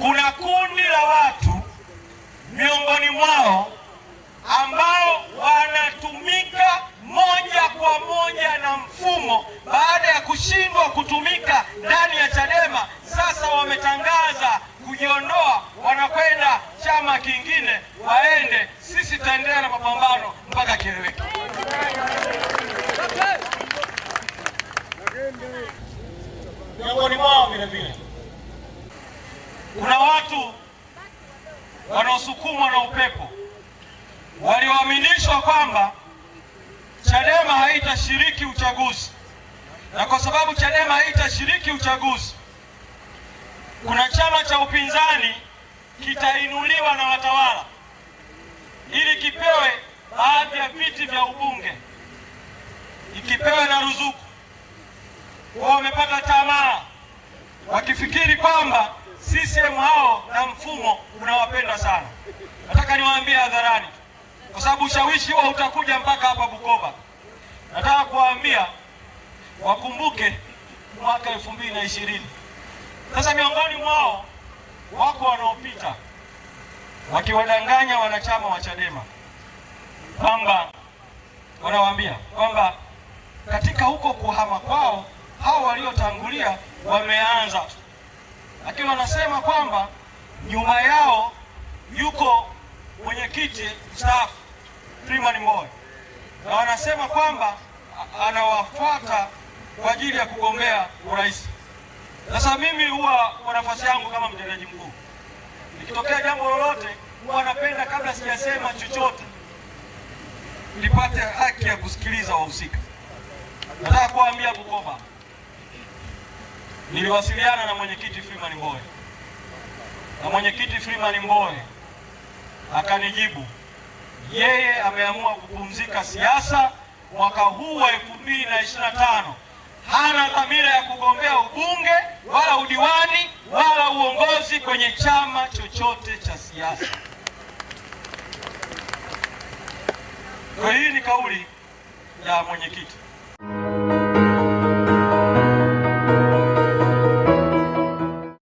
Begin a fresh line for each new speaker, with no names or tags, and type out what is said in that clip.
kuna kundi la watu miongoni mwao ambao wanatumika moja kwa moja na mfumo. Baada ya kushindwa kutumika ndani ya Chadema, sasa wametangaza kujiondoa, wanakwenda chama kingine waende. Sisi tutaendelea na mapambano mpaka kieleweke.
Miongoni mwao vilevile kuna watu wanaosukumwa na upepo walioaminishwa kwamba Chadema haitashiriki uchaguzi, na kwa sababu Chadema haitashiriki uchaguzi, kuna chama cha upinzani kitainuliwa na watawala ili kipewe baadhi ya viti vya ubunge, ikipewe na ruzuku. Wao wamepata tamaa wakifikiri kwamba CCM hao na mfumo unawapenda sana. Nataka niwaambie hadharani, kwa sababu ushawishi huo utakuja mpaka hapa Bukoba. Nataka kuwaambia wakumbuke mwaka elfu mbili na ishirini. Sasa miongoni mwao wako wanaopita wakiwadanganya wanachama wa Chadema kwamba wanawaambia kwamba katika huko kuhama kwao hao waliotangulia wameanza wanasema kwamba nyuma yao yuko mwenyekiti staff Freeman Mbowe, na wanasema kwamba anawafuata kwa ajili ya kugombea urais. Sasa mimi huwa kwa nafasi yangu kama mtendaji mkuu, nikitokea jambo lolote, huwa napenda kabla sijasema chochote nipate haki ya kusikiliza wahusika. Nataka kuwaambia Bukoba Niliwasiliana na mwenyekiti Freeman Mbowe na mwenyekiti Freeman Mbowe akanijibu yeye ameamua kupumzika siasa mwaka huu wa 2025 hana dhamira ya kugombea ubunge wala udiwani wala uongozi kwenye chama chochote cha siasa. Kwa hii ni kauli ya mwenyekiti.